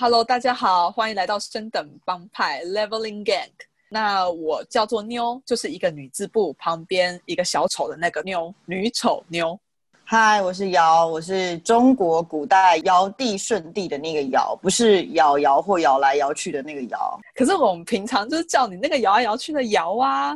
Hello，大家好，歡迎來到升等幫派 Leveling Gang。那我叫做妞，就是一個女字部旁邊一個小丑的那個妞，女丑妞。嗨，我是堯，我是中國古代堯帝舜帝的那個堯，不是搖搖或搖來搖去的那個堯。可是我們平常就是叫你那個搖來搖去的搖啊，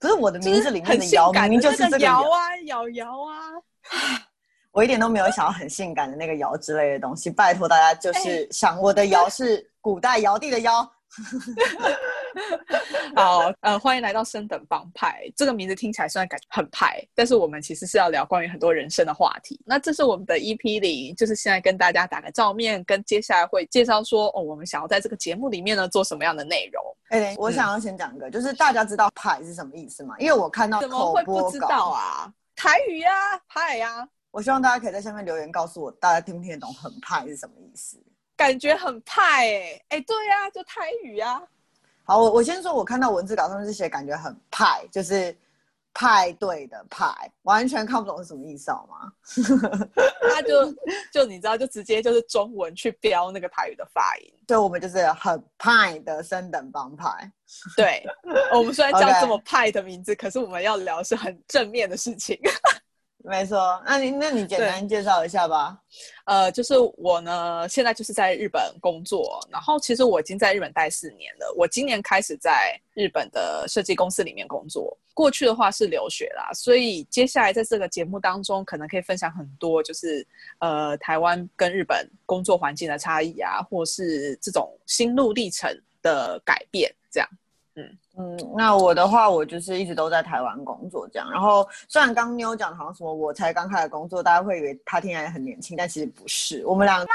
不是我的名字裡面的“搖”名，就是姚啊姚姚啊。 我一點都沒有想要很性感的那個腰，之類的東西，拜托大家就是想我的腰是古代堯帝的腰。欸、 好，呃、嗯，歡迎來到升等幫派，這個名字聽起來雖然感覺很派，但是我們其實是要聊關於很多人生的話題。那這是我們的 EP 0，就是現在跟大家打個照面，跟接下來會介紹說哦，我們想要在這個節目裡面呢做什麼樣的內容。誒、欸、我想要先講一個，嗯、就是大家知道派是什麼意思嗎？因為我看到、啊、怎麼會不知道啊？台語呀，派呀。我希望大家可以在下面留言告訴我，大家聽不聽得懂“很派”是什麼意思？感覺很派？哎、欸、哎、欸，對呀、啊，就台語啊。好，我我先說，我看到文字稿上面是寫“感覺很派”，就是派對的派，完全看不懂是什麼意思好嗎？ 他就就你知道，就直接就是中文去標那個台語的發音。對，我們就是很派的升等幫派。 對，我們雖然叫這麼派的名字，Okay. 可是我們要聊是很正面的事情。 沒錯，那你那你簡單介紹一下吧。呃，就是我呢，現在就是在日本工作，然後其實我已經在日本待四年了。我今年開始在日本的設計公司裡面工作，過去的話是留學啦，所以接下來在這個節目當中，可能可以分享很多，就是呃，台灣跟日本工作環境的差異啊，或是這種心路歷程的改變，這樣，嗯。嗯，那我的話，我就是一直都在台灣工作這樣。然後雖然剛妞講好像什麼我才剛開始工作，大家會以為她聽起來很年輕，但其實不是。我們倆，啊、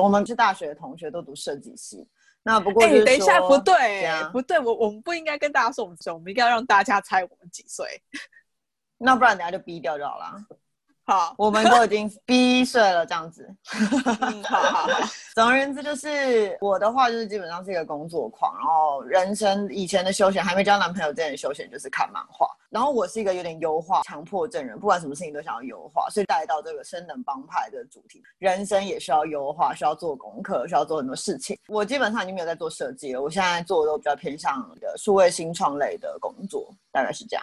我們是大學的同學，都讀設計系。那不過、欸、你等一下不對，不對，樣不對我我們不應該跟大家說我們幾歲，我們應該要讓大家猜我們幾歲。 那不然等下就逼掉就好了。好 我們都已經逼碎了這樣子， 好好好。總而言之，就是我的話就是基本上是一個工作狂，然後人生以前的休閒，還沒交男朋友之前的休閒就是看漫畫。然後我是一個有點優化強迫症人，不管什麼事情都想要優化。所以帶到這個升等幫派的主題，人生也需要優化，需要做功課，需要做很多事情。我基本上已經沒有在做設計了，我現在做的都比較偏向的數位新創類的工作，大概是這樣。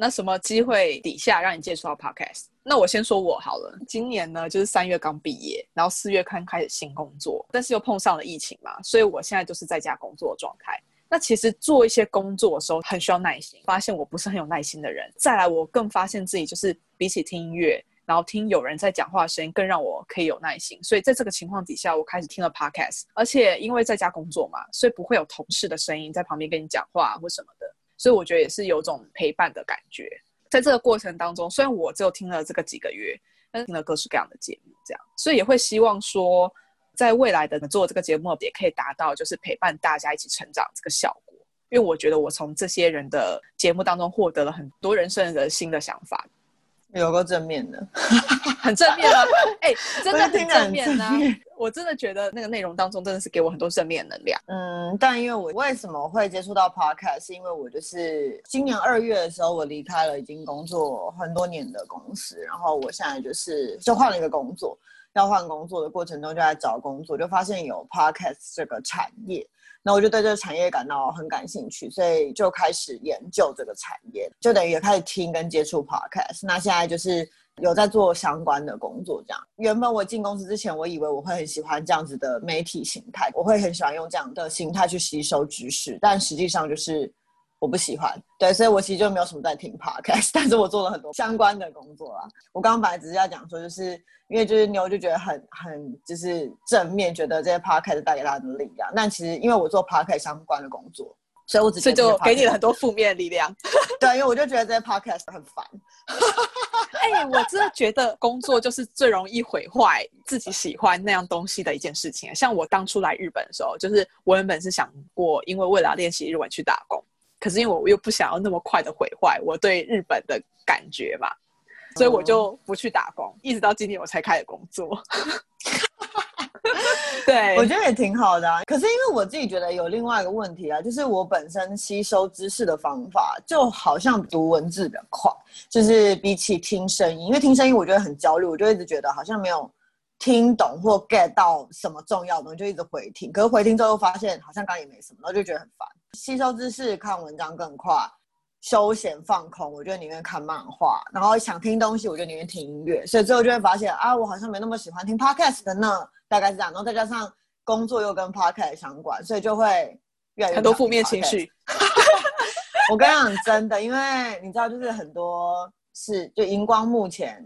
那什麼機會底下讓你接觸到 Podcast？那我先說我好了。今年呢，就是三月剛畢業，然後四月剛開始新工作，但是又碰上了疫情嘛，所以我現在就是在家工作的狀態。那其實做一些工作的時候很需要耐心，發現我不是很有耐心的人。再來，我更發現自己就是比起聽音樂，然後聽有人在講話的聲音，更讓我可以有耐心。所以在這個情況底下，我開始聽了 Podcast，而且因為在家工作嘛，所以不會有同事的聲音在旁邊跟你講話或什麼的。所以我覺得也是有種陪伴的感覺，在這個過程當中，雖然我只有聽了這個幾個月，但是聽了各式各樣的節目，這樣，所以也會希望說，在未來的做這個節目也可以達到就是陪伴大家一起成長這個效果，因為我覺得我從這些人的節目當中獲得了很多人生的新的想法。有夠正面的，哈哈哈，欸、很正面啊！哎，真的挺正面的。我真的覺得那個內容當中真的是給我很多正面能量。嗯，但因為我為什麼會接觸到 Podcast，是因為我就是今年二月的時候，我離開了已經工作很多年的公司，然後我現在就是就換了一個工作，要換工作的過程中就在找工作，就發現有 Podcast 這個產業。那我就對這個產業感到很感興趣，所以就開始研究這個產業，就等於也開始聽跟接觸 Podcast。那現在就是有在做相關的工作，這樣。原本我進公司之前，我以為我會很喜歡這樣子的媒體形態，我會很喜歡用這樣的形態去吸收知識，但實際上就是。我不喜歡，對，所以我其實就沒有什麼在聽 podcast，但是我做了很多相關的工作啊。我剛剛本來只是要講說，就是因為就是妞就覺得很很就是正面，覺得這些 podcast 帶給大家的力量。但其實因為我做 podcast 相關的工作，所以我只是，所以就給你了很多負面力量。 對，因為我就覺得這些 podcast 很煩。哎、 欸，我真的覺得工作就是最容易毀壞自己喜歡那樣東西的一件事情。像我當初來日本的時候，就是我原本是想過，因為為了練習日文去打工。可是因為我又不想要那麼快的毀壞我對日本的感覺吧，所以我就不去打工，哦、一直到今天我才開始工作。 對，我覺得也挺好的啊。可是因為我自己覺得有另外一個問題啊，就是我本身吸收知識的方法就好像讀文字比較快，就是比起聽聲音，因為聽聲音我覺得很焦慮，我就一直覺得好像沒有聽懂或 get 到什麼重要的東西，就一直回聽。可是回聽之後又發現好像剛剛也沒什麼，然後就覺得很煩。吸收知識看文章更快，休閒放空，我覺得寧願看漫畫。然後想聽東西，我覺得寧願聽音樂。所以最後就會發現，啊，我好像沒那麼喜歡聽 Podcast 的呢，大概是這樣。然後再加上工作又跟 Podcast 相關，所以就會越來越多負面情緒。我跟你講，真的，因為你知道，就是很多是就熒光幕前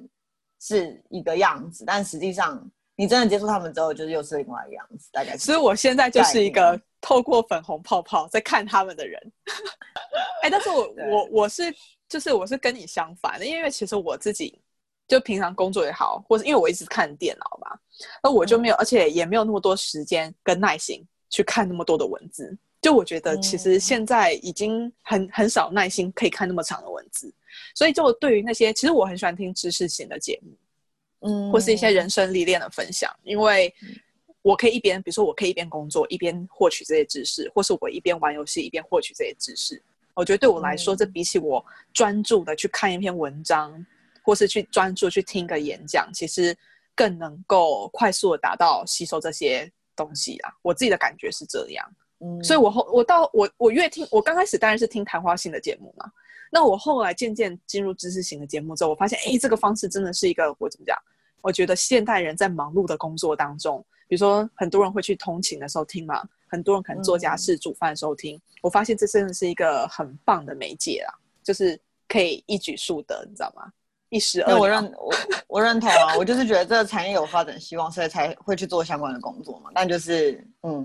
是一個樣子，但實際上你真的接觸他們之後，就是又是另外一樣子，大概是。所以我現在就是一個。透過粉紅泡泡在看他們的人，哎、 欸，但是我對我我是就是我是跟你相反的，因為其實我自己就平常工作也好，或是因為我一直看電腦吧，而我就沒有，嗯、而且也沒有那麼多時間跟耐心去看那麼多的文字。就我覺得，其實現在已經很很少耐心可以看那麼長的文字，所以就對於那些，其實我很喜歡聽知識型的節目，嗯，或是一些人生歷練的分享，因為。嗯我可以一邊，比如說，我可以一邊工作一邊獲取這些知識，或是我一邊玩遊戲一邊獲取這些知識。我覺得對我來說，嗯，這比起我專注的去看一篇文章，或是去專注去聽個演講，其實更能夠快速的達到吸收這些東西啊。我自己的感覺是這樣，嗯，所以我後我到我我越聽，我剛開始當然是聽談話性的節目嘛，那我後來漸漸進入知識型的節目之後，我發現，誒，這個方式真的是一個我怎麼講？我覺得現代人在忙碌的工作當中，比如說很多人會去通勤的時候聽嘛，很多人可能做家事煮飯的時候聽。嗯、我發現這真的是一個很棒的媒介啊，就是可以一舉數得，你知道嗎？一時而、嗯、我認我我認同啊， 我就是覺得這個產業有發展希望，所以才會去做相關的工作嘛。但就是，嗯，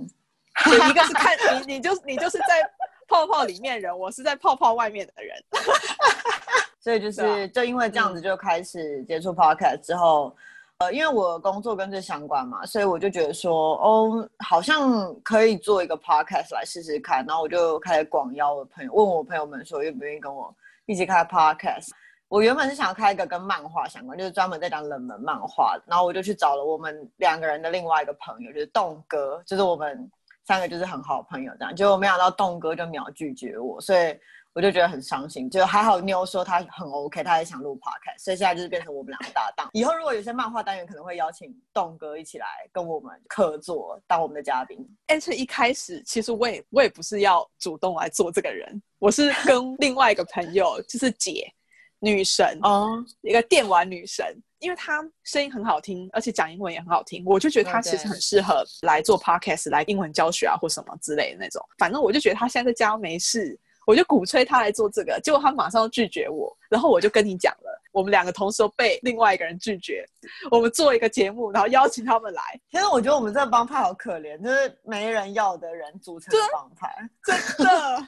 你一個是看你，你就是你就是在泡泡裡面人，我是在泡泡外面的人。 所以就是，啊、就因為這樣子就開始接觸 podcast 之後，嗯、呃，因為我工作跟這相關嘛，所以我就覺得說，哦，好像可以做一個 podcast 來試試看。然後我就開始廣邀我朋友，問我朋友們說願不願意跟我一起開 podcast。我原本是想要開一個跟漫畫相關，就是專門在講冷門漫畫。然後我就去找了我們兩個人的另外一個朋友，就是棟哥，就是我們三個就是很好的朋友這樣。結果沒想到棟哥就秒拒絕我，所以。我就覺得很傷心，就還好妞說她很 OK，她也想錄 Podcast，所以現在就是變成我們兩個搭檔。 以後如果有些漫畫單元，可能會邀請棟哥一起來跟我們客座當我們的嘉賓。但是，一開始其實我也我也不是要主動來做這個人，我是跟另外一個朋友， 就是姐女神哦，oh. 一個電玩女神，因為她聲音很好聽，而且講英文也很好聽，我就覺得她其實很適合來做 Podcast，來英文教學啊或什麼之類的那種。反正我就覺得她現在在家沒事，我就鼓吹他來做這個，結果他馬上拒絕我，然後我就跟你講了，我們兩個同時都被另外一個人拒絕。我們做一個節目，然後邀請他們來。其實我覺得我們這幫派好可憐，就是沒人要的人組成幫派，對真的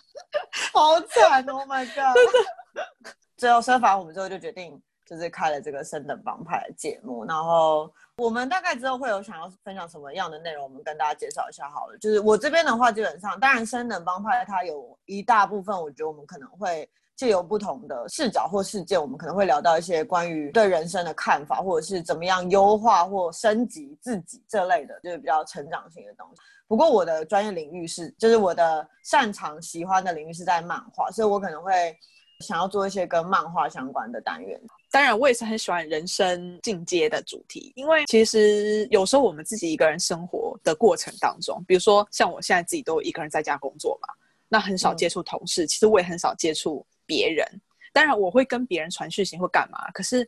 好慘哦，Oh my God！的最後設法我們最後就決定。就是開了這個升等幫派的節目，然後我們大概之後會有想要分享什麼樣的內容，我們跟大家介紹一下好了。就是我這邊的話，基本上當然升等幫派它有一大部分，我覺得我們可能會借由不同的視角或事件，我們可能會聊到一些關於對人生的看法，或者是怎麼樣優化或升級自己這類的，就是比較成長型的東西。不過我的專業領域是，就是我的擅長喜歡的領域是在漫畫，所以我可能會想要做一些跟漫畫相關的單元。當然，我也是很喜歡人生進階的主題，因為其實有時候我們自己一個人生活的過程當中，比如說像我現在自己都有一個人在家工作嘛，那很少接觸同事，嗯、其實我也很少接觸別人。當然，我會跟別人傳訊息或幹嘛，可是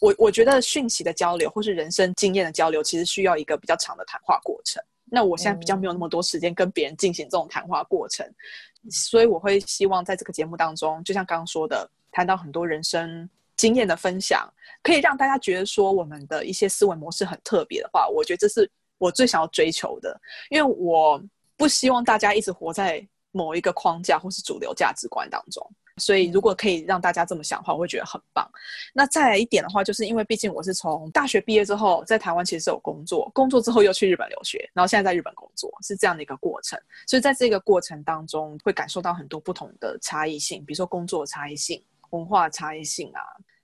我我覺得訊息的交流或是人生經驗的交流，其實需要一個比較長的談話過程。那我現在比較沒有那麼多時間跟別人進行這種談話過程，嗯、所以我會希望在這個節目當中，就像剛剛說的，談到很多人生經驗的分享可以讓大家覺得說我們的一些思維模式很特別的話，我覺得這是我最想要追求的，因為我不希望大家一直活在某一個框架或是主流價值觀當中。所以如果可以讓大家這麼想的話，我會覺得很棒。那再來一點的話，就是因為畢竟我是從大學畢業之後在台灣其實是有工作，工作之後又去日本留學，然後現在在日本工作是這樣的一個過程。所以在這個過程當中會感受到很多不同的差異性，比如說工作差異性、文化差異性啊。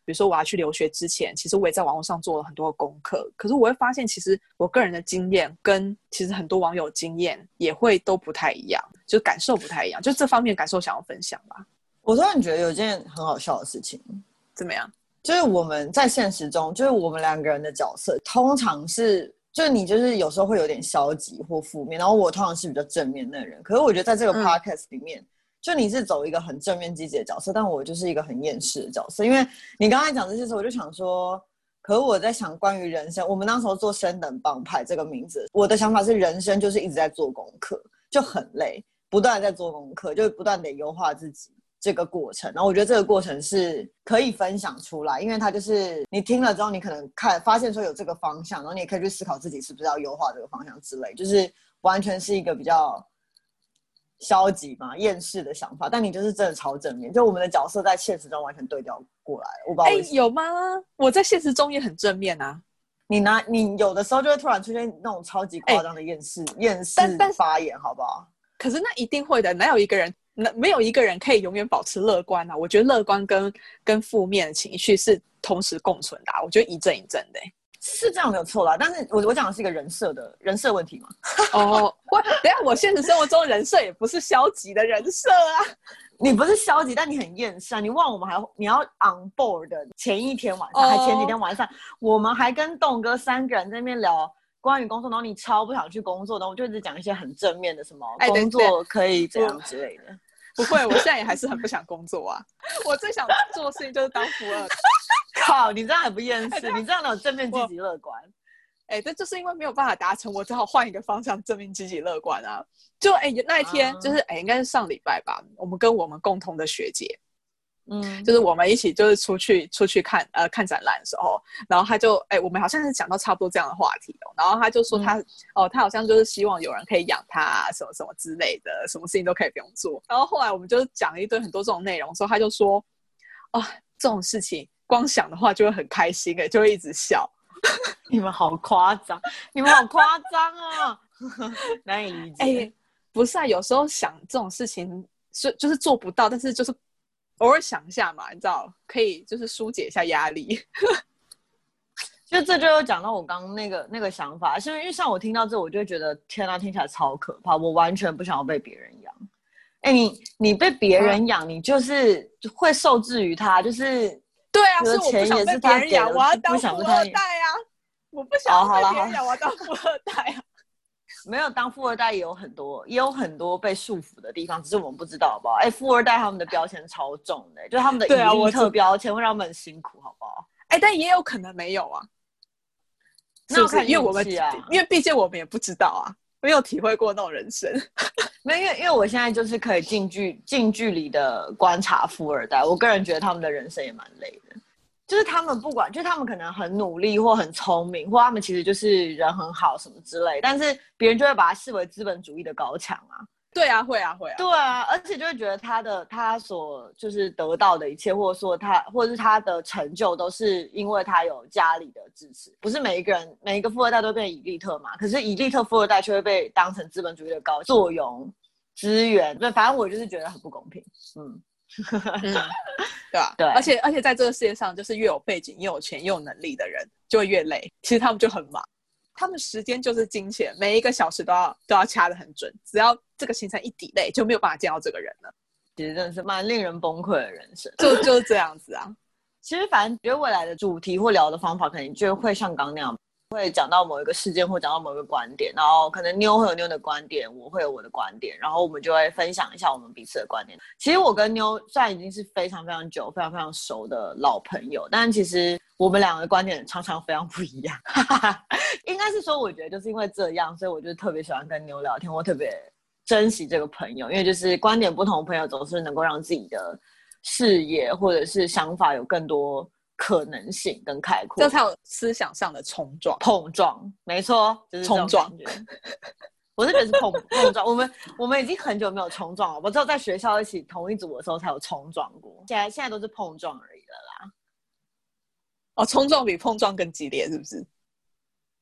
比如說，我要去留學之前，其實我也在網絡上做了很多的功課。可是我會發現，其實我個人的經驗跟其實很多網友經驗也會都不太一樣，就感受不太一樣。就這方面感受，想要分享吧。我突然覺得有一件很好笑的事情。怎麼樣？就是我們在現實中，就是我們兩個人的角色，通常是，就是你就是有時候會有點消極或負面，然後我通常是比較正面的人。可是我覺得在這個 Podcast 裡面。嗯就你是走一個很正面積極的角色，但我就是一個很厭世的角色。因為你剛才講這些時候，我就想說，可我在想關於人生。我們那時候做升等幫派這個名字，我的想法是人生就是一直在做功課，就很累，不斷在做功課，就不斷地優化自己這個過程。然後我覺得這個過程是可以分享出來，因為它就是你聽了之後，你可能看發現說有這個方向，然後你也可以去思考自己是不是要優化這個方向之類，就是完全是一個比較。消極嘛，厭世的想法，但你就是真的超正面，就我們的角色在現實中完全對調過來。我哎、欸，有嗎？我在現實中也很正面啊。你拿，你有的時候就會突然出現那種超級誇張的厭世、厭、欸、世、發言是好不好？可是那一定會的，哪有一個人，哪沒有一個人可以永遠保持樂觀啊。我覺得樂觀跟跟負面的情緒是同時共存的、啊，我覺得一陣一陣的、欸。是這樣沒有錯啦，但是我我講的是一個人設的人設問題嘛。哦，我等下我現實生活中人設也不是消極的人設啊。 你不是消極，但你很厭世啊。你忘我們還你要 on board 的前一天晚上，哦、還前幾天晚上，我們還跟棟哥三個人在那邊聊關於工作，然後你超不想去工作的，然後我就一直講一些很正面的，什麼、哎、工作可以這樣,、哎、這樣之類的。不會，我現在也還是很不想工作啊。 我最想做的事情就是當富二。 好，你這樣很不厭世。欸、這你這樣有正面積極樂觀，哎、對、欸，就是因為沒有辦法達成，我只好換一個方向，正面積極樂觀啊！就哎、欸，那一天、嗯、就是哎、欸，應該是上禮拜吧。我們跟我們共同的學姐，嗯，就是我們一起就是出去出去看呃看展覽的時候，然後他就哎、欸，我們好像是講到差不多這樣的話題的然後他就說他、嗯、哦，他好像就是希望有人可以養他、啊、什麼什麼之類的，什麼事情都可以不用做。然後後來我們就講了一堆很多這種內容，所以他就說哦，這種事情。光想的話就會很開心哎、欸，就會一直笑。 你們好誇張， 你們好誇張啊，難以理解。不是啊，有時候想這種事情是就是做不到，但是就是偶爾想一下嘛，你知道，可以就是疏解一下壓力。 就這就講到我剛剛那個那個想法，是。因為像我聽到這，我就覺得天啊，聽起來超可怕，我完全不想要被別人養。哎、欸，你你被別人養，嗯、你就是會受制於他，就是。對啊，可是我不想被別人養，我要當富二代啊！不我不想要被別人養， 我要當富二代啊！ 沒有當富二代也有很多，也有很多被束縛的地方，只是我們不知道，好不好？哎、欸，富二代他們的標籤超重的、欸， 就是他們的隱性特標籤會讓他們很辛苦，好不好？哎、啊欸，但也有可能沒有啊，是是那我看，啊、因為我們，因為畢竟我們也不知道啊。沒有體會過那種人生， 沒有，因為因為我現在就是可以近距近距離的觀察富二代，我個人覺得他們的人生也蠻累的，就是他們不管，就是他們可能很努力或很聰明，或他們其實就是人很好什麼之類的，但是別人就會把他視為資本主義的高牆啊。對啊，會啊，會啊。對啊，而且就會覺得他的他所就是得到的一切，或者說他或者是他的成就，都是因為他有家裡的支持。不是每一個人每一個富二代都變伊力特嘛？可是伊力特富二代卻會被當成資本主義的高作用資源。對，反正我就是覺得很不公平。嗯， 對啊，對。而且而且在這個世界上，就是越有背景、又有錢、又有能力的人，就會越累。其實他們就很忙，他們時間就是金錢，每一個小時都要都要掐得很準，只要。這個形成一滴淚，就沒有辦法見到這個人了，其實真的是蠻令人崩潰的人生， 就就這樣子啊。 其實反正覺得未來的主題或聊的方法，可能就會像剛那樣，會講到某一個事件或講到某一個觀點，然後可能妞會有妞的觀點，我會有我的觀點，然後我們就會分享一下我們彼此的觀點。其實我跟妞雖然已經是非常非常久、非常非常熟的老朋友，但其實我們兩個的觀點常常非常不一樣。 應該是說，我覺得就是因為這樣，所以我就特別喜歡跟妞聊天，或特別。珍惜這個朋友，因為就是觀點不同，朋友總是能夠讓自己的視野或者是想法有更多可能性跟開闊，這才有思想上的衝撞碰撞。沒錯，就是、衝撞。 我這邊是碰 碰撞。我們我們已經很久沒有衝撞了，我不知道在學校一起同一組的時候才有衝撞過，現在現在都是碰撞而已了啦。哦，衝撞比碰撞更激烈，是不是？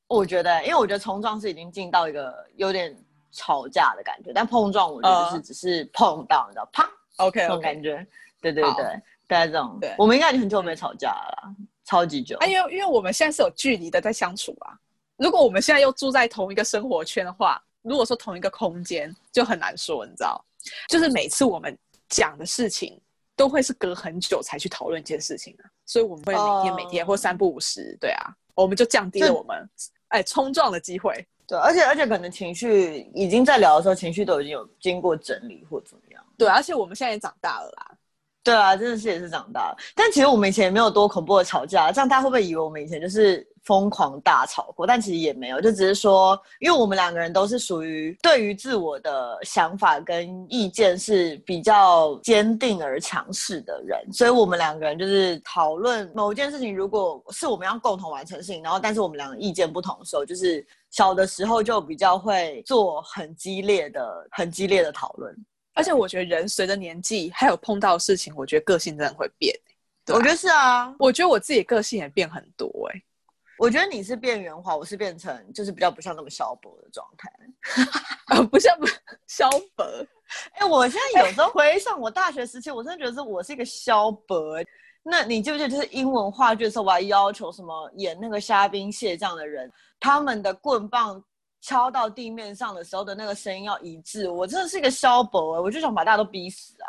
我覺得，因為我覺得衝撞是已經進到一個有點。吵架的感覺，但碰撞我覺得就是只是碰到，呃、你知道，啪，OK，我 okay. 感覺，對對對，對，大家好這種，對，我們應該已經很久沒有吵架了，對超級久。哎，因為因為我們現在是有距離的在相處啊，如果我們現在又住在同一個生活圈的話，如果說同一個空間，就很難說，你知道，就是每次我們講的事情，都會是隔很久才去討論一件事情了，啊，所以我們會每天每天、嗯、或三不五時，對啊，我們就降低了我們是哎衝撞的機會。對，而且而且可能情緒已經在聊的時候，情緒都已經有經過整理或怎麼樣。對，而且我們現在也長大了啦。對啊，真的是也是長大了。但其實我們以前也沒有多恐怖的吵架啊，這樣大家會不會以為我們以前就是瘋狂大吵過？但其實也沒有，就只是說，因為我們兩個人都是屬於對於自我的想法跟意見是比較堅定而強勢的人，所以我們兩個人就是討論某一件事情，如果是我們要共同完成的事情，然後但是我們兩個意見不同的時候，就是。小的時候就比較會做很激烈的、很激烈的討論，而且我覺得人隨着年紀還有碰到事情，我覺得個性真的會變。我覺得是啊，我覺得我自己個性也變很多哎、欸。我覺得你是變圓滑，我是變成就是比較不像那麼蕭伯的狀態。不像不蕭伯。哎，我現在有時候回想我大學時期，我真的覺得我是一個蕭伯。那你記不記得就是英文話劇的時候，我還要求什麼演那個蝦兵蟹將的人，他們的棍棒敲到地面上的時候的那個聲音要一致。我真的是一個肖伯、欸，我就想把大家都逼死啊！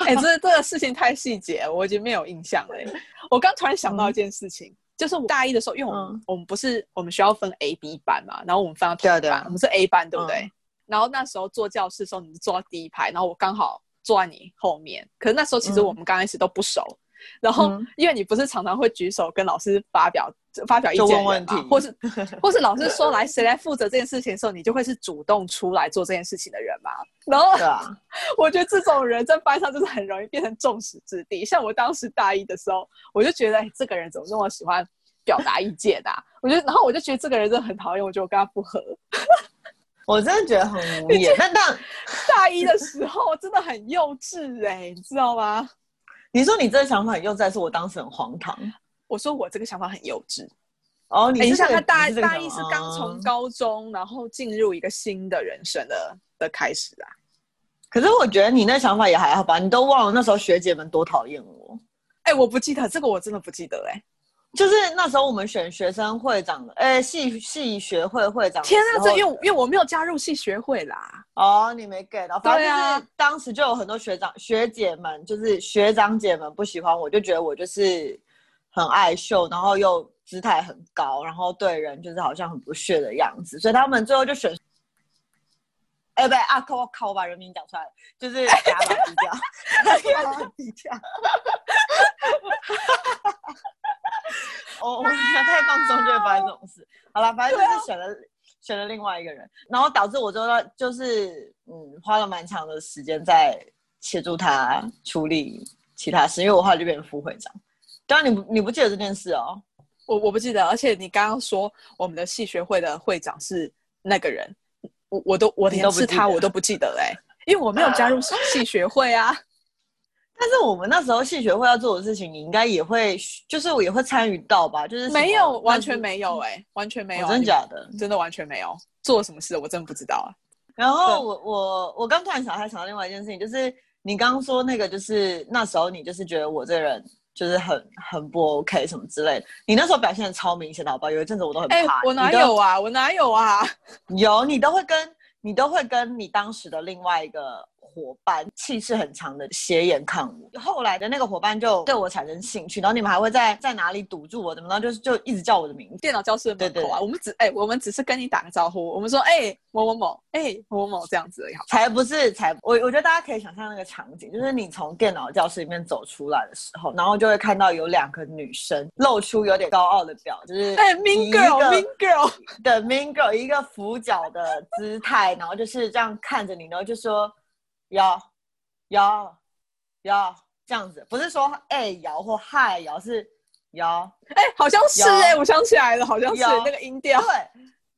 哎、欸，這 這個事情太細節，我已經沒有印象了、欸。 我剛突然想到一件事情，嗯、就是我大一的時候，因為我們，、嗯、我們不是我們學校分 A、B 班嘛，然後我們分到第二吧？對對對，我們是 A 班，對不對？嗯、然後那時候坐教室的時候，你坐到第一排，然後我剛好坐在你後面。可是那時候其實我們剛開始都不熟。嗯然後，嗯、因為你不是常常會舉手跟老師發表發表意見嘛，問問題或是 或是老師說來誰來負責這件事情的時候，你就會是主動出來做這件事情的人嘛。然後，對啊、 我覺得這種人在班上就是很容易變成眾矢之的。像我當時大一的時候，我就覺得、哎、這個人怎麼那麼喜歡表達意見啊？ 我覺得，然後我就覺得這個人真的很討厭，我覺得我跟他不合。 我真的覺得很無語。大一的時候真的很幼稚哎、欸， 你知道嗎？你說你這個想法很幼稚，還是我當時很荒唐？我說我這個想法很幼稚。哦，你是、這個欸、像他大是想大一是剛從高中，啊、然後進入一個新的人生的的開始啊。可是我覺得你那想法也還好吧，你都忘了那時候學姐們多討厭我。哎、欸，我不記得這個，我真的不記得哎、欸。就是那時候我們選學生會長的，誒、欸，系系學會會長。天哪、啊，這因為因為我沒有加入系學會啦。哦，你沒 get 到？對啊。當時就有很多學長學姐們，就是學長姐們不喜歡我，就覺得我就是很愛秀，然後又姿態很高，然後對人就是好像很不屑的樣子，所以他們最後就選。哎、欸，不對啊！靠我靠，我把人名講出來，就是把。低調，低調。我我，太放鬆就會發生這種事。好了，反正就是選了、啊、選了另外一個人，然後導致我就要就是嗯，花了蠻長的時間在協助他處理其他事，因為我後來就變成副會長。當然，你你不記得這件事哦？我我不記得，而且你剛剛說我們的系學會的會長是那個人，我我都我連是他我都不記得嘞、欸，得 因為我沒有加入系學會啊。但是我們那時候系學會要做的事情，你應該也會，就是我也會參與到吧？就是沒有，完全沒有、欸，完全沒有、啊，哎，完全沒有，真的假的？真的完全沒有，做什麼事我真不知道啊。然後我對我我剛突然想，還想到另外一件事情，就是你剛剛說那個，就是那時候你就是覺得我這人就是很很不 OK 什麼之類的。你那時候表現的超明顯的，好不好？有一陣子我都很怕。欸、都我哪有啊？我哪有啊？ 有，你都會跟你都會跟你當時的另外一個。伙伴氣勢很強的斜眼看我，後來的那個伙伴就對我產生興趣，然後你們還會在在哪裡堵住我？怎麼着？就是就一直叫我的名字。電腦教室門口啊，對對對對我們只哎、欸，我們只是跟你打個招呼，我們說哎某某某，哎某某某這樣子而已。才不是才，我我覺得大家可以想象那個場景，就是你從電腦教室裡面走出來的時候，然後就會看到有兩個女生露出有點高傲的表，就是哎，mean girl，mean girl 的 mean girl 一個俯角的姿態， 然後就是這樣看着你，然後就說。有，有，有。這樣子不是說哎、欸、搖或嗨搖是搖，哎，好像是哎、欸，yo, 我想起來了，好像是 yo, 那個音調，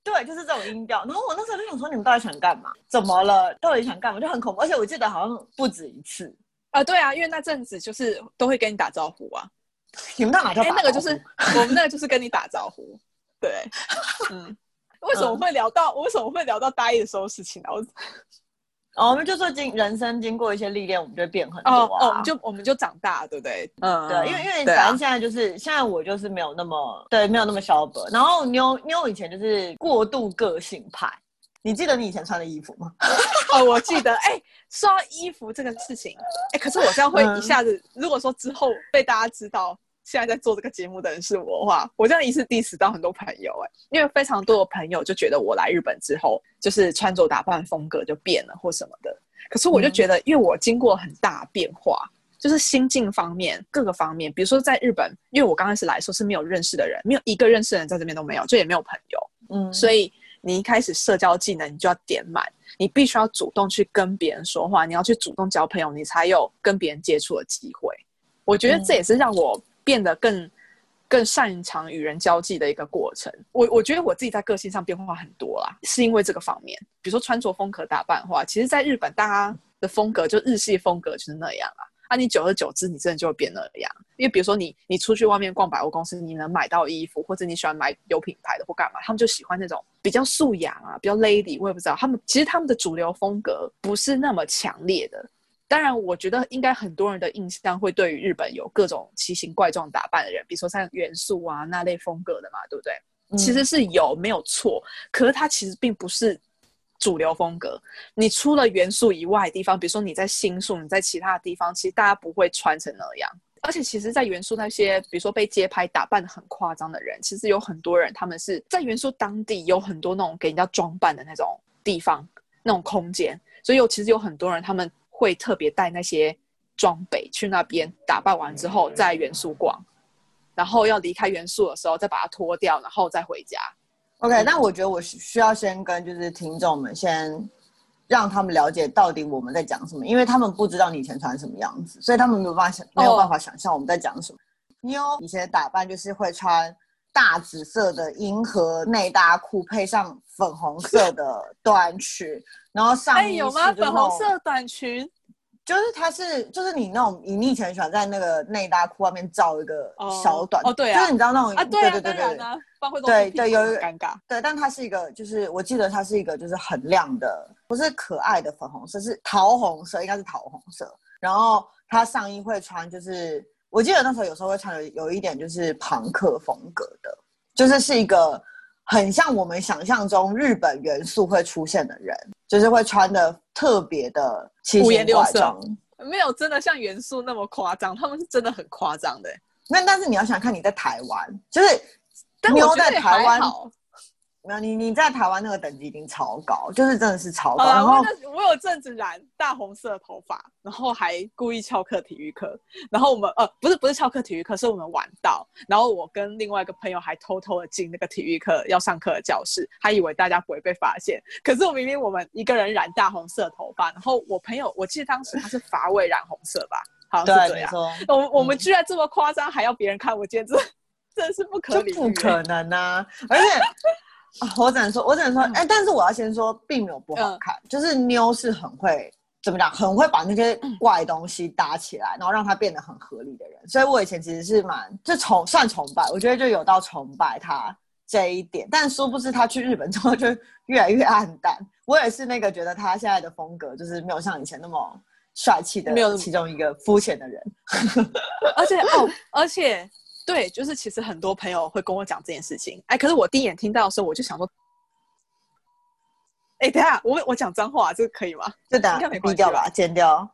對，對，就是這種音調。然後我那時候就想說，你們到底想幹嘛？怎麼了？到底想幹嘛？就很恐怖，而且我記得好像不止一次啊、呃。對啊，因為那陣子就是都會跟你打招呼啊。 你們到哪？哎、欸，那個就是 我們那個就是跟你打招呼，對，嗯。 為什麼我會聊到、嗯、我為什麼會聊到大一的時候事情啊？我 Oh, 我們就說，經人生經過一些歷練，我們就變很多哦、啊，oh, oh, 我就我們就長大，對不對？嗯，uh, 對，因為因為反正、啊、現在就是現在，我就是沒有那麼對，沒有那麼消沉。然後妞妞以前就是過度個性派，你記得你以前穿的衣服嗎？哦，我記得。哎、 欸，說到衣服這個事情，哎、欸，可是我這樣會一下子，嗯、如果說之後被大家知道。現在在做這個節目的人是我的話，我這樣一次 diss 到很多朋友哎、欸，因為非常多的朋友就覺得我來日本之後，就是穿着打扮風格就變了或什麼的。可是我就覺得，因為我經過很大變化，嗯、就是心境方面各個方面。比如說在日本，因為我剛開始來說是沒有認識的人，沒有一個認識的人在這邊都沒有，就也沒有朋友。嗯，所以你一開始社交技能你就要點滿，你必須要主動去跟別人說話，你要去主動交朋友，你才有跟別人接觸的機會。我覺得這也是讓我，嗯變得更更擅長與人交際的一個過程，我我覺得我自己在個性上變化很多啦，是因為這個方面。比如說穿着風格、打扮的話，其實在日本大家的風格就日系風格就是那樣啊。啊，你久而久之，你真的就會變那樣。因為比如說你你出去外面逛百貨公司，你能買到衣服，或者你喜歡買有品牌的或幹嘛，他們就喜歡那種比較素雅啊，比較 lady。我也不知道。他們，其實他們的主流風格不是那麼強烈的。當然，我覺得應該很多人的印象會對於日本有各種奇形怪狀打扮的人，比如說像原宿啊那類風格的嘛，對不對？嗯、其實是有，沒有錯。可是它其實並不是主流風格。你除了原宿以外的地方，比如說你在新宿，你在其他的地方，其實大家不會穿成那樣。而且，其實，在原宿那些，比如說被街拍打扮得很誇張的人，其實有很多人，他們是在原宿當地有很多那種給人家裝扮的那種地方、那種空間，所以有其實有很多人他們，會特別帶那些裝備去那邊打扮完之後，在原宿逛，然後要離開原宿的時候再把它脫掉，然後再回家。OK，、嗯、那我覺得我需要先跟就是聽眾們先讓他們了解到底我們在講什麼，因為他們不知道你以前穿什麼樣子，所以他們沒有辦法想、oh. 沒有辦法想象我們在講什麼。妞以前打扮就是會穿。大紫色的銀河內搭褲，配上粉紅色的短裙， 然後上衣哎，有嗎？粉紅色短裙，就是它是就是你那種以前喜歡在那個內搭褲外面罩一個小短，哦，對啊，就是你知道那種對對對對對對有尷尬對，但它是一個就是我記得它是一個就是很亮的，不是可愛的粉紅色，是桃紅色，應該是桃紅色，然後它上衣會穿就是。我記得那時候有時候會穿有有一點就是龐克風格的，就是是一個很像我們想象中日本元素會出現的人，就是會穿的特別的五顏六色，沒有真的像元素那麼誇張，他們是真的很誇張的。那但，但是你要想看你在台灣，就是你要在台灣。沒有你，你在台灣那個等級已經超高，就是真的是超高。啊、然後我，我有陣子染大紅色頭髮，然後還故意翹課體育課。然後我們呃不是不是翹課體育課，是我們晚到。然後我跟另外一個朋友還偷偷的進那個體育課要上課的教室，他以為大家不會被發現。可是我明明我們一個人染大紅色頭髮，然後我朋友我記得當時他是髮尾染紅色吧， 好像是這樣。說我們，嗯、我們居然這麼誇張，還要別人看我覺得這，簡直真是不可理喻。不可能啊，而且。 哦、我只能說，我只能說，哎、嗯，但是我要先說，並沒有不好看，嗯、就是妞是很會怎麼講，很會把那些怪東西搭起來，然後讓它變得很合理的人。所以我以前其實是蠻就崇算崇拜，我覺得就有到崇拜他這一點。但殊不知他去日本之後就越來越暗淡。我也是那個覺得他現在的風格就是沒有像以前那麼帥氣的其中一個膚淺的人，沒有 而且哦，而且。對，就是其實很多朋友會跟我講這件事情，哎，可是我第一眼聽到的時候，我就想說，哎，等一下我我講髒話啊，這個可以嗎？是的，應該沒關係吧？剪掉。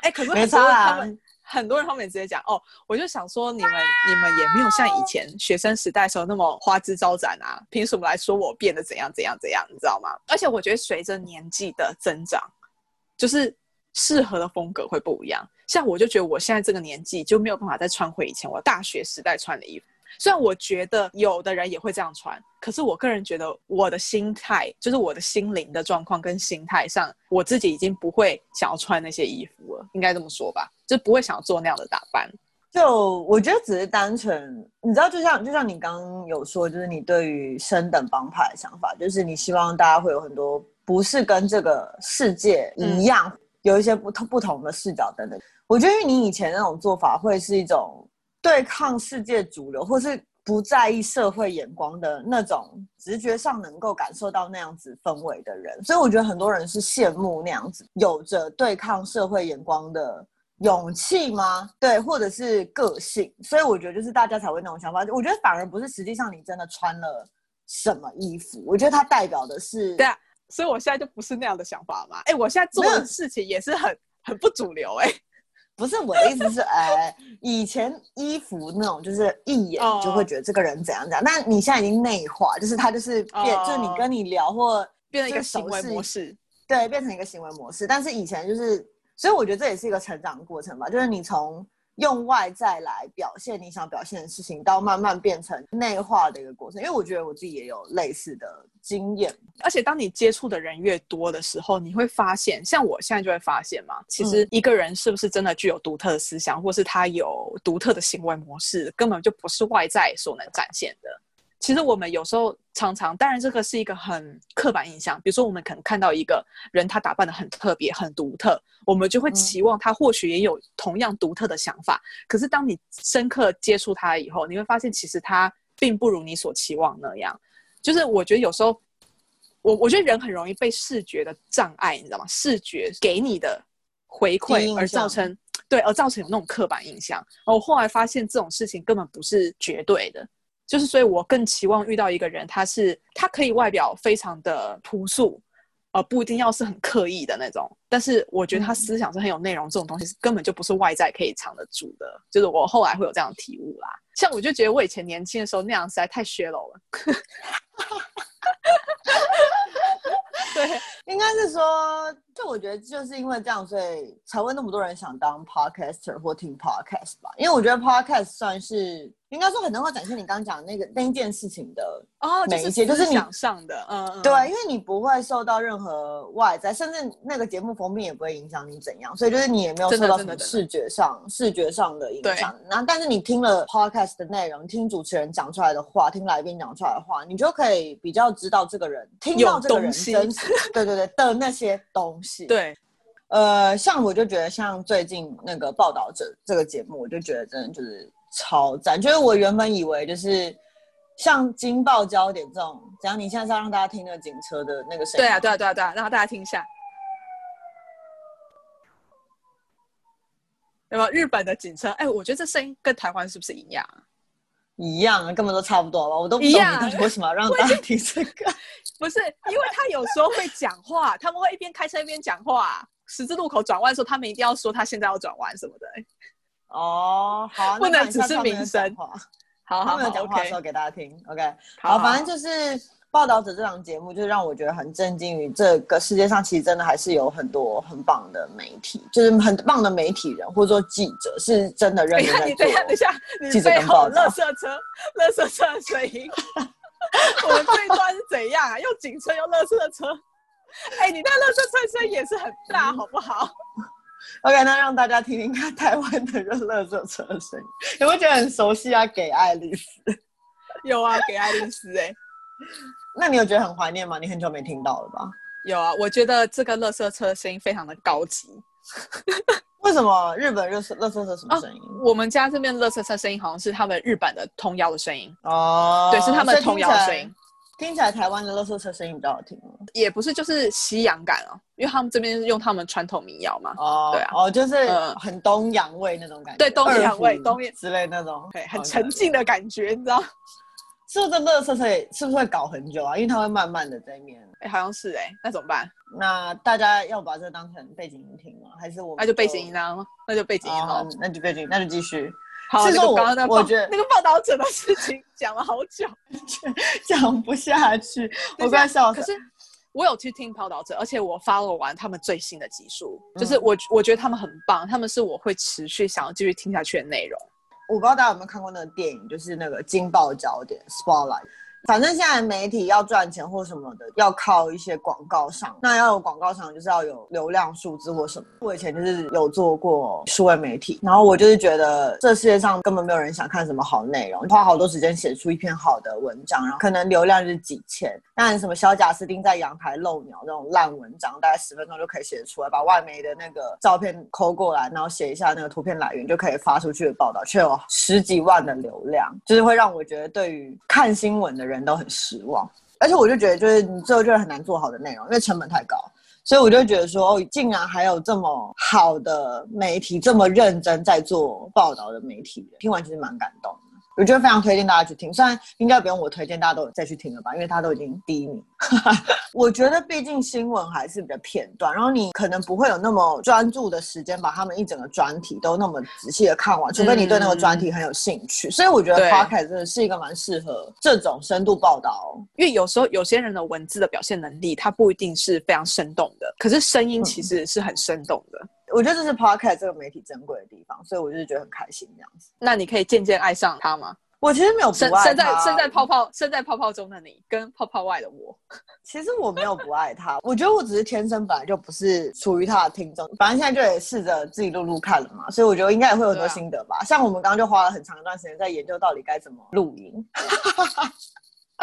哎， 可是沒錯啊，他們很多人後面直接講哦，我就想說你們 Wow! 你們也沒有像以前學生時代的時候那麼花枝招展啊，憑什麼來說我變得怎樣怎樣怎樣？你知道嗎？而且我覺得隨着年紀的增長，就是。適合的風格會不一樣，像我就覺得我現在這個年紀就沒有辦法再穿回以前我大學時代穿的衣服。雖然我覺得有的人也會這樣穿，可是我個人覺得我的心態，就是我的心靈的狀況跟心態上，我自己已經不會想要穿那些衣服了，應該這麼說吧，就不會想要做那樣的打扮。就我覺得只是單純，你知道就，就像就像你剛剛有說，就是你對於升等幫派的想法，就是你希望大家會有很多不是跟這個世界一樣。嗯有一些不同，不同的視角等等，我覺得你以前那種做法會是一種對抗世界主流，或是不在意社會眼光的那種，直覺上能夠感受到那樣子氛圍的人，所以我覺得很多人是羨慕那樣子，有着對抗社會眼光的勇氣嗎？對，或者是個性，所以我覺得就是大家才會那種想法，我覺得反而不是實際上你真的穿了什麼衣服，我覺得它代表的是對啊。所以我現在就不是那樣的想法嘛？哎、欸，我現在做的事情也是很那很不主流哎、欸。不是我的意思是， 哎，以前衣服那種就是一眼就會覺得這個人怎樣怎樣，那、oh. 你現在已經內化，就是他就是變，oh. 就是你跟你聊或變成一個行為模式，對，變成一個行為模式。但是以前就是，所以我覺得這也是一個成長的過程吧，就是你從。用外在來表現你想表現的事情，到慢慢變成內化的一個過程。因為我覺得我自己也有類似的經驗，而且當你接觸的人越多的時候，你會發現，像我現在就會發現嘛，其實一個人是不是真的具有獨特的思想，或是他有獨特的行為模式，根本就不是外在所能展現的。其實我們有時候常常，當然這個是一個很刻板印象。比如說，我們可能看到一個人，他打扮得很特別、很獨特，我們就會期望他或許也有同樣獨特的想法。嗯、可是，當你深刻接觸他以後，你會發現其實他並不如你所期望那樣。就是我覺得有時候，我我覺得人很容易被視覺的障礙，你知道嗎？視覺給你的回饋而造成，對，而造成有那種刻板印象。我後，後來發現這種事情根本不是絕對的。就是，所以我更期望遇到一個人，他是他可以外表非常的樸素，呃，不一定要是很刻意的那種。但是我覺得他思想是很有內容，嗯、這種東西是根本就不是外在可以藏得住的。就是我後來會有這樣的體悟啦。像我就覺得我以前年輕的時候那樣實在太 shallow 了。 對。應該是說，就我覺得，就是因為這樣，所以才會那麼多人想當 podcaster 或聽 podcast 吧。因為我覺得 podcast 算是應該說，很能夠展現你剛剛講的那個那一件事情的每一些哦，一是就是你想上的，嗯嗯，對，因為你不會受到任何外在，對嗯、甚至那個節目封面也不會影響你怎樣，所以就是你也沒有受到什麼視覺上視覺上的影響。對然後，但是你聽了 podcast 的內容，聽主持人講出來的話，聽來賓講出來的話，你就可以比較知道這個人聽到這個人真實，東 對對對。的那些東西，對，呃，像我就覺得，像最近那個《報導者》這個節目，我就覺得真的就是超讚。對覺得我原本以為就是像《驚爆焦點》這種，只要你現在是要讓大家聽那個警車的那個聲音，對啊，對啊，對啊，對啊，讓大家聽一下，對吧，日本的警車？哎，我覺得這聲音跟台灣是不是一樣？一樣啊，根本都差不多了，我都不懂你為樣什麼讓大家聽這個。 不是，因為他有時候會講話， 他們會一邊開車一邊講話。十字路口轉彎的時候，他們一定要說他現在要轉彎什麼的。哦，oh, 好，不能只是名聲他們講話，好好講話說給大家聽。OK，好，反正就是報道者這檔節目，就是讓我覺得很震驚於這個世界上，其實真的還是有很多很棒的媒體，就是很棒的媒體人，或者說記者，是真的認真在做。你等一下，記者跟報的垃圾車， 垃圾車聲音。 我們這一段是怎樣啊？又警車又垃圾車。哎、欸，你那垃圾車聲也是很大，好不好？OK，那讓大家聽聽看台灣的垃圾車的聲音，你有沒有覺得很熟悉啊？給愛麗絲，有啊，給愛麗絲哎， 那你有覺得很懷念嗎？你很久沒聽到了吧？有啊，我覺得這個垃圾車聲音非常的高級。 為什麼日本垃圾垃圾車什麼聲音、哦？我們家這邊垃圾車聲音好像是他們日本的童謠的聲音哦，對，是他們的童謠的聲音聽。聽起來台灣的垃圾車聲音比較好聽，也不是就是西洋感哦，因為他們這邊用他們傳統民謠嘛。哦，對啊，哦就是很東洋味那種感覺，呃、對，東洋味胡東洋之類那種，對，很沉靜的感覺，Okay. 你知道。是不是？是是，是不是會搞很久啊？因為他會慢慢的在面。哎、欸，好像是哎、欸，那怎麼辦？那大家要把這當成背景音聽嗎？還是我？那就背景音啊，那就背景音啊，好好，那就背景，那就繼續。好，就是剛剛那個，剛剛那個報，我覺得那個報道者的事情講了好久，講 不下去。 我在笑，可是我有去聽報道者，而且我 follow 完他們最新的集數，嗯、就是我我覺得他們很棒，他們是我會持續想要繼續聽下去的內容。我不知道大家有沒有看過那個電影，就是那個《驚爆焦點》Spotlight。反正現在媒體要賺錢或什麼的，要靠一些廣告商。那要有廣告商，就是要有流量數字或什麼。我以前就是有做過數位媒體，然後我就是覺得這世界上根本沒有人想看什麼好內容，花好多時間寫出一篇好的文章，然後可能流量就是幾千。但什麼小賈斯汀在陽台漏鳥那種爛文章，大概十分鐘就可以寫出來，把外媒的那個照片摳過來，然後寫一下那個圖片來源，就可以發出去的報道，卻有十幾萬的流量，就是會讓我覺得對於看新聞的人。人都很失望，而且我就覺得、就是，就是你最後就是很難做好的內容，因為成本太高，所以我就覺得說，哦，竟然還有這麼好的媒體，這麼認真在做報道的媒體，聽完其實蠻感動。我覺得非常推薦大家去聽，雖然應該不用我推薦，大家都再去聽了吧，因為他都已經第一名。 我覺得畢竟新聞還是比較片段，然後你可能不會有那麼專注的時間把他們一整個專題都那麼仔細的看完，除非你對那個專題很有興趣。嗯、所以我覺得 Podcast 真的是一個蠻適合這種深度報道，因為有時候有些人的文字的表現能力，它不一定是非常生動的，可是聲音其實是很生動的。嗯我覺得這是 Podcast 這個媒體珍貴的地方，所以我就覺得很開心這樣子。那你可以漸漸愛上他嗎？我其實沒有不愛他身身在身在泡泡身在泡泡中的你，跟泡泡外的我，其實我沒有不愛他。 我覺得我只是天生本來就不是屬於他的聽眾，反正現在就也試着自己錄錄看了嘛，所以我覺得應該也會有很多心得吧。啊、像我們剛剛就花了很長一段時間在研究到底該怎麼錄音。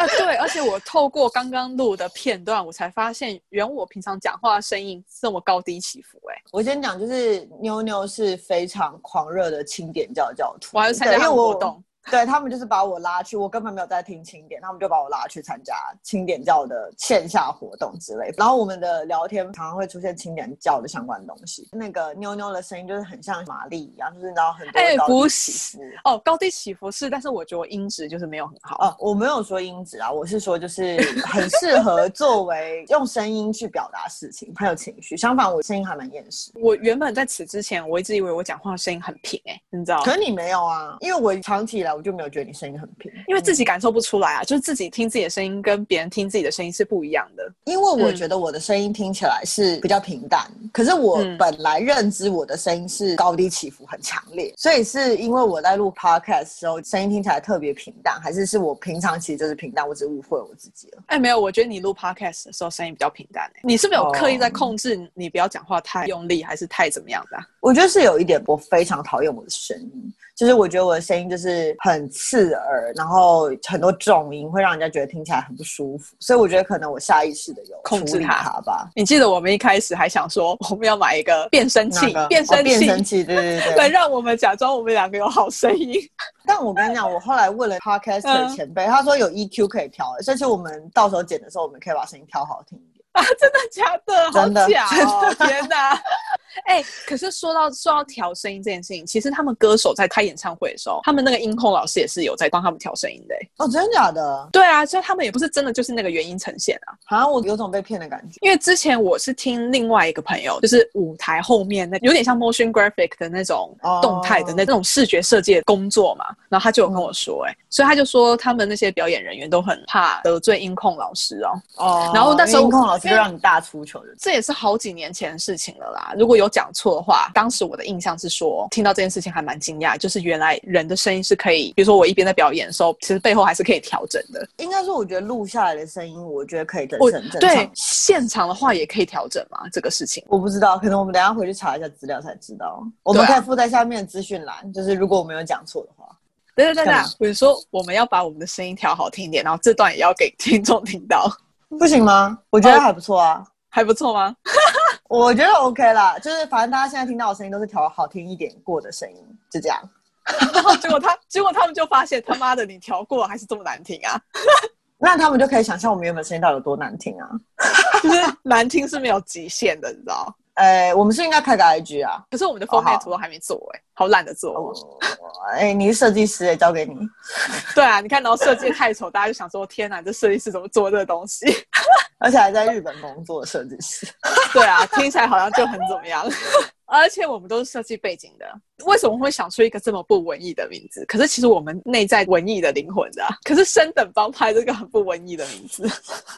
啊，對，而且我透過剛剛錄的片段，我才發現，原我平常講話聲音這麼高低起伏，欸，誒。我先講，就是妞妞是非常狂熱的清點教教徒，我還要參加活動。對，他們就是把我拉去，我根本沒有在聽青點，他們就把我拉去參加青點教的線下活動之類的。然後我們的聊天常常會出現青點教的相關東西。那個妞妞的聲音就是很像瑪麗一樣，就是你知道很多的高低起伏。欸，不，哦，高低起伏，是，但是我覺得音質就是沒有很好哦、嗯。我沒有說音質啊，我是說就是很適合作為用聲音去表達事情， 還有情緒。相反，我聲音還蠻厭世。我原本在此之前我一直以為我講話聲音很平哎，你知道？可你沒有啊，因為我長期以來。我就沒有覺得你聲音很平，因為自己感受不出來啊，就是自己聽自己的聲音跟別人聽自己的聲音是不一樣的。因為我覺得我的聲音聽起來是比較平淡，嗯、可是我本來認知我的聲音是高低起伏很強烈，嗯、所以是因為我在錄 Podcast 的時候聲音聽起來特別平淡，還是是我平常其實就是平淡，我只誤會我自己了。哎，沒有，我覺得你錄 Podcast 的時候聲音比較平淡，欸，你是不是有刻意在控制你不要講話太用力，嗯、還是太怎麼樣的，啊？我覺得是有一點，我非常討厭我的聲音。就是我覺得我的聲音就是很刺耳，然後很多重音會讓人家覺得聽起來很不舒服，所以我覺得可能我下意識的有控制它吧。你記得我們一開始還想說我們要買一個變聲器，個變聲器，哦、變聲器， 對對對，來讓我們假裝我們兩個有好聲音。但我跟你講，我後來問了 podcaster 前輩， 嗯、他說有 EQ 可以調，甚至我們到時候剪的時候，我們可以把聲音調好聽一點。真的假的？真的，假的好假真的，真的哦、天哪！哎、 欸，可是說到說到調聲音這件事情，其實他們歌手在開演唱會的時候，他們那個音控老師也是有在幫他們調聲音的、欸、哦。真的假的？對啊，所以他們也不是真的就是那個原音呈現啊。好像我有種被騙的感覺，因為之前我是聽另外一個朋友，就是舞台後面那有點像 motion graphic 的那種動態的那種視覺設計的工作嘛，然後他就有跟我說、欸，哎，所以他就說他們那些表演人員都很怕得罪音控老師哦。哦，然後那時候音控老師。就讓你大出糗的，這也是好幾年前的事情了啦。如果有講錯的話，當時我的印象是說，聽到這件事情還蠻驚訝，就是原來人的聲音是可以，比如說我一邊在表演的時候，其實背後還是可以調整的。應該說我覺得錄下來的聲音，我覺得可以整整，對，現場的話也可以調整嘛？對這個事情我不知道，可能我們等下回去查一下資料才知道。我們可以附在下面的資訊欄，就是如果我沒有講錯的話，對對對對、啊，比如能說我們要把我們的聲音調好聽一點，然後這段也要給聽眾聽到。不行嗎？我覺得還不錯啊。哦，還不錯嗎？ 我覺得 OK 啦，就是反正大家現在聽到的聲音都是調好聽一點過的聲音，就這樣。 然後結果他，結果他們就發現他媽的，你調過還是這麼難聽啊！ 那他們就可以想象我們原本聲音到底有多難聽啊！ 就是難聽是沒有極限的，你知道。哎、欸，我們是應該開個 IG 啊，可是我們的封面圖都還沒做哎、欸，哦，好懶得做。哎、哦、欸，你是設計師哎，交給你。 對啊，你看，然後設計太醜，大家就想說，天哪，這設計師怎麼做這東西？而且還在日本工作設計師。 對啊，聽起來好像就很怎麼樣。 而且我們都是設計背景的，為什麼會想出一個這麼不文藝的名字？可是其實我們內在文藝的靈魂的、啊，可是升等幫派這個很不文藝的名字。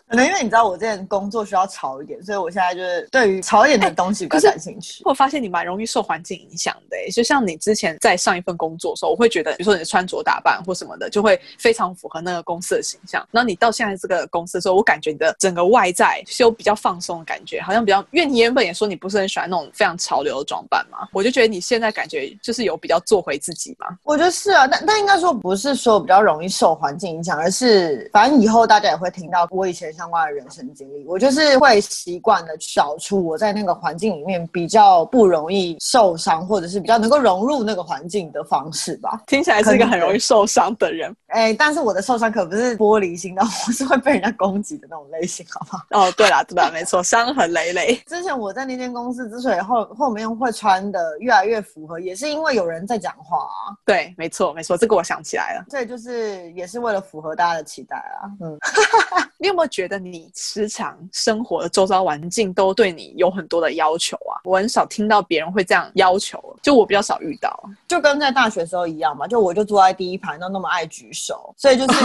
可能因為你知道我這邊工作需要潮一點，所以我現在就是對於潮一點的東西不感興趣。欸、我發現你蠻容易受環境影響的、欸，就像你之前在上一份工作的時候，我會覺得比如說你的穿着打扮或什麼的，就會非常符合那個公司的形象。那你到現在這個公司的時候，我感覺你的整個外在就是有比較放鬆的感覺，好像比較，因為你原本也說你不是很喜歡那種非常潮流的裝扮嘛，我就覺得你現在感覺就是有比較做回自己嘛。我覺得是啊，但但應該說不是說比較容易受環境影響，而是反正以後大家也會聽到我以前相關的人生經歷，我就是會習慣的找出我在那個環境裡面比較不容易受傷，或者是比較能夠融入那個環境的方式吧。聽起來是一個很容易受傷的人，哎、欸，但是我的受傷可不是玻璃心的，我是會被人家攻擊的那種類型，好不好？哦，對了，對吧，沒錯，傷痕累累。 之前我在那間公司之所以後後面。會穿的越來越符合，也是因為有人在講話啊。對，沒錯，沒錯，這個我想起來了。對，就是也是為了符合大家的期待啊。嗯， 你有沒有覺得你時常生活的周遭環境都對你有很多的要求啊？我很少聽到別人會這樣要求，就我比較少遇到。就跟在大學時候一樣嘛，就我就坐在第一排，都那麼愛舉手，所以就是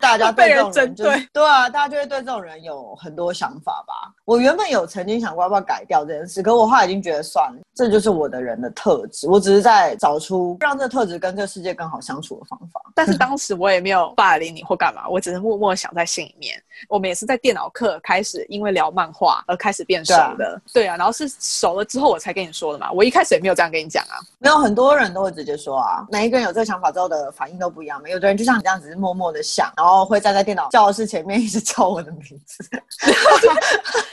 大家對人 被人針對，對對啊，大家就會對這種人有很多想法吧。我原本有曾經想過要不要改掉這件事，可我後來已經覺得算了。這就是我的人的特質，我只是在找出讓這特質跟這世界更好相處的方法。但是當時我也沒有霸凌你或幹嘛，我只是默默想在心裡面。我們也是在電腦課開始，因為聊漫畫而開始變熟的。對啊，對啊，然後是熟了之後我才跟你說的嘛。我一開始也沒有這樣跟你講啊。沒有，很多人都會直接說啊，每一個人有這個想法之後的反應都不一樣。沒有的人就像你這樣，只是默默的想，然後會站在電腦教室前面一直叫我的名字。然後就，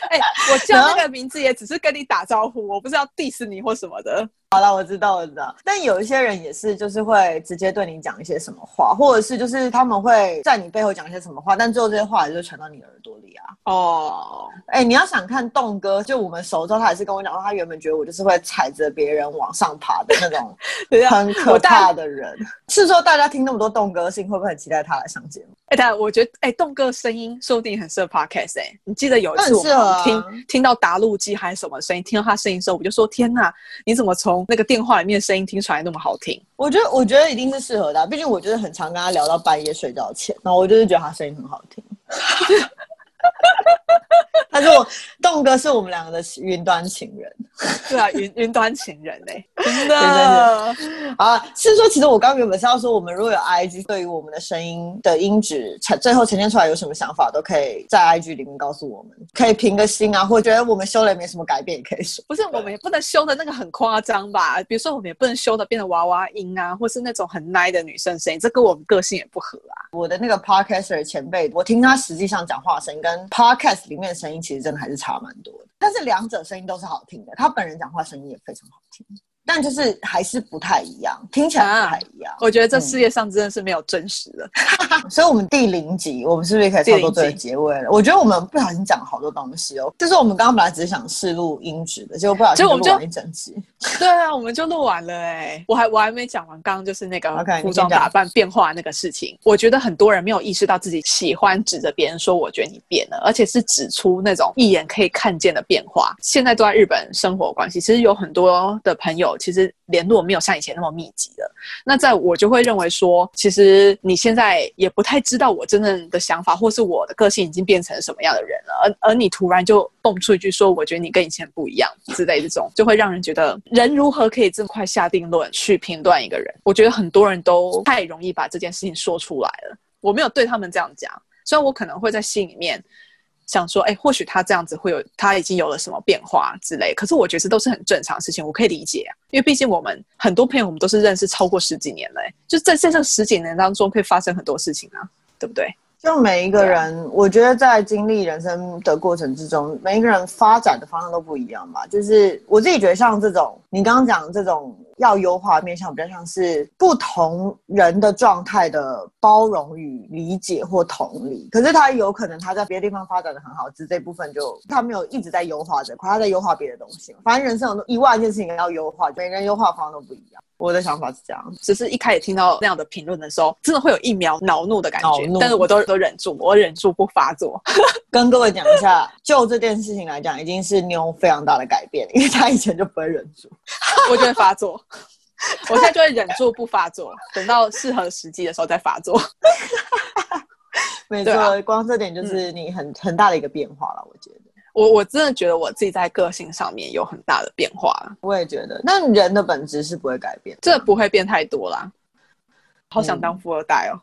哎、 欸，我叫那個名字也只是跟你打招呼，我不知道第四你或什麼的，好啦，我知道了，我知道。但有一些人也是，就是會直接對你講一些什麼話，或者是就是他們會在你背後講一些什麼話，但最後這些話也就傳到你耳朵裡啊。哦，哎，你要想看棟哥，就我們熟之後，他也是跟我講說他原本覺得我就是會踩着別人往上爬的那種，很可怕的人。 概是說大家聽那麼多棟哥的事情會不會很期待他來上節目？哎，但、欸、我覺得，哎、欸，棟哥的聲音說不定很適合 Podcast，哎、欸，你記得有一次我聽、啊、聽到打錄機還是什麼聲音，聽到他聲音的時候，我就說天哪，你怎麼從那個電話裡面聲音聽出來那麼好聽？我覺得，我覺得一定是適合的、啊，畢竟我就是很常跟他聊到半夜睡覺前，然後我就是覺得他聲音很好聽。 他說：“棟哥是我們兩個的雲端情人。 ”對啊，雲雲端情人嘞、欸，真的啊。是說，其實我剛，剛原本是要說，我們如果有 IG，對於我們的聲音的音質，呈，最後呈現出來有什麼想法，都可以在 IG 裡面告訴我們。可以評個心啊，或者覺得我們修了也沒什麼改變，也可以說。不是，對我們也不能修的那個很誇張吧？比如說，我們也不能修的變得娃娃音啊，或是那種很奶的女生聲音，這跟我們個性也不合啊。我的那個 Podcaster 前輩，我聽他實際上講話聲音 Podcast 裡面的聲音其實真的還是差蠻多的，但是兩者聲音都是好聽的。他本人講話聲音也非常好聽。但就是還是不太一樣，聽起來還一樣。啊嗯、我覺得這世界上真的是沒有真實的。哈哈，所以，我們第零集，我們是不是也可以差不多做結尾了？我覺得我們不小心講了好多東西哦。就是我們剛剛本來只是想試錄音質的，結果不小心錄完一整集。對啊，我們就錄完了欸。我還我還沒講完，剛剛就是那個服裝打扮變化那個事情。Okay, 我覺得很多人沒有意識到自己喜歡指着別人說“我覺得你變了”，而且是指出那種一眼可以看見的變化。現在都在日本生活的關係，其實有很多的朋友，其實聯絡沒有像以前那麼密集了。那在我就會認為說，其實你現在也不太知道我真正的、的想法，或是我的個性已經變成什麼樣的人了。而而你突然就蹦出一句說，我覺得你跟以前不一樣之類這種，就會讓人覺得人如何可以這麼快下定論去評斷一個人？我覺得很多人都太容易把這件事情說出來了。我沒有對他們這樣講，雖然我可能會在心裡面。想說，哎，欸，或許他這樣子會有，他已經有了什麼變化之類。可是我覺得是都是很正常的事情，我可以理解啊。因為畢竟我們很多朋友，我們都是認識超過十幾年了、欸，就在在這十幾年當中，會發生很多事情啊，對不對？就每一個人，啊。我覺得在經歷人生的過程之中，每一個人發展的方向都不一樣吧。就是我自己覺得，像這種你剛剛講這種。要優化，面向比較像是不同人的狀態的包容與理解或同理，可是他有可能他在別的地方發展的很好，只是這部分就他沒有一直在優化這塊，他在優化別的東西。反正人生有一萬件事情要優化，每個人優化方都不一樣。我的想法是這樣，只是一開始聽到那樣的評論的時候，真的會有一秒惱怒的感覺，惱怒。但是我都都忍住，我忍住不發作。 跟各位講一下，就這件事情來講，已經是妞非常大的改變，因為她以前就不會忍住， 我就會發作， 我現在就會忍住不發作，等到適合時機的時候再發作。沒錯，光這點就是你很很大的一個變化了，我覺得。我我真的覺得我自己在個性上面有很大的變化，我也覺得，那人的本質是不會改變、啊，這不會變太多啦。好想當富二代哦！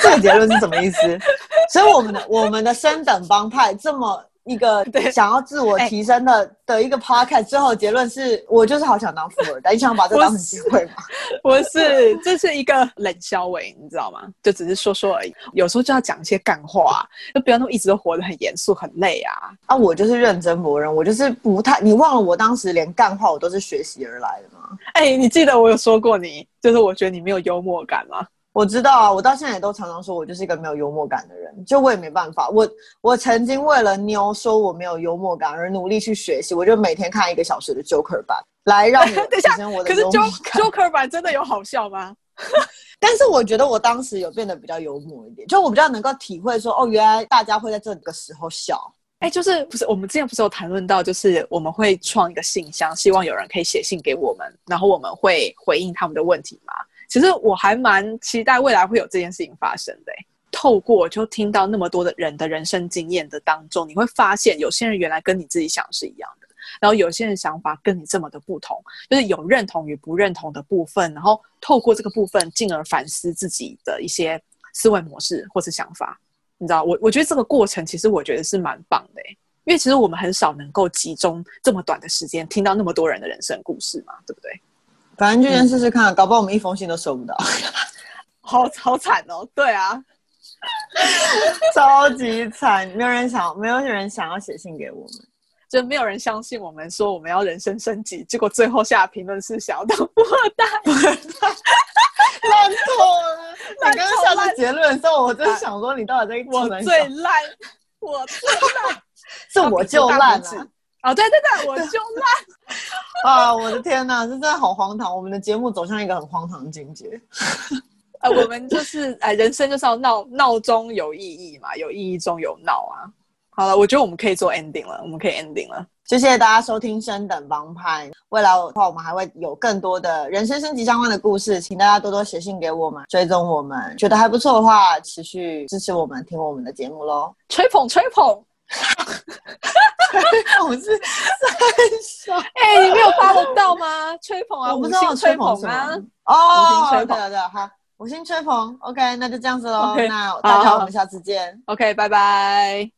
這個、嗯、 結論是什麼意思？ 所以我們的 我們的升等幫派這麼。一個想要自我提升的的一個 podcast、欸、最後結論是我就是好想當富二代。你 想把這當成機會嗎？不是，是 這是一個冷笑話，你知道嗎？就只是說說而已。有時候就要講一些幹話、啊，就不要那麼一直都活得很嚴肅、很累啊。啊，我就是認真魔人，我就是不太……你忘了我當時連幹話我都是學習而來的嗎？哎、欸，你記得我有說過你就是我覺得你沒有幽默感嗎？我知道啊，我到現在也都常常說，我就是一個沒有幽默感的人，就我也沒辦法。我我曾經為了妞說我沒有幽默感而努力去學習，我就每天看一個小時的 Joker 版，來讓我，我的 等一下。可是 Joker Joker 版真的有好笑嗎？ 但是我覺得我當時有變得比較幽默一點，就我比較能夠體會說，哦，原來大家會在這個時候笑。哎，就是不是我們之前不是有談論到，就是我們會創一個信箱，希望有人可以寫信給我們，然後我們會回應他們的問題嗎？其實我還蠻期待未來會有這件事情發生的。透過就聽到那麼多的人的人生經驗的當中，你會發現有些人原來跟你自己想是一樣的，然後有些人想法跟你這麼的不同，就是有認同與不認同的部分。然後透過這個部分，進而反思自己的一些思維模式或是想法。你知道，我我覺得這個過程其實我覺得是蠻棒的，因為其實我們很少能夠集中這麼短的時間聽到那麼多人的人生故事嘛，對不對？反正就先試試看，嗯、搞不好我們一封信都收不到，好，好慘哦、喔！對啊， 超級慘，沒有人想，沒有人想要寫信給我們，就沒有人相信我們說我們要人生升級，結果最後下評論是小到莫大，爛透 了。 爛爛你剛剛下出結論的時候，爛我就想說你到底在做什麼？我最爛，我最爛，是我就爛哦，對對對，我胸大啊！我的天哪，這真的好荒唐！我們的節目走向一個很荒唐的境界。啊、 呃，我們就是哎、呃，人生就是要鬧鬧中有意義嘛，有意義中有鬧啊。好了，我覺得我們可以做 ending 了，我們可以 ending 了。謝謝大家收聽《升等幫派》，未來的話我們還會有更多的人生升級相關的故事，請大家多多寫信給我們，追蹤我們。覺得還不錯的話，持續支持我們，聽我們的節目嘍！吹捧，吹捧，吹捧。我是算哎，你沒有發得到嗎？ 吹捧啊，我不知道五星吹捧啊！捧哦，對了對了，好，我先吹捧，OK，那就這樣子嘍。Okay. 那大家好，我們下次見，OK，拜拜。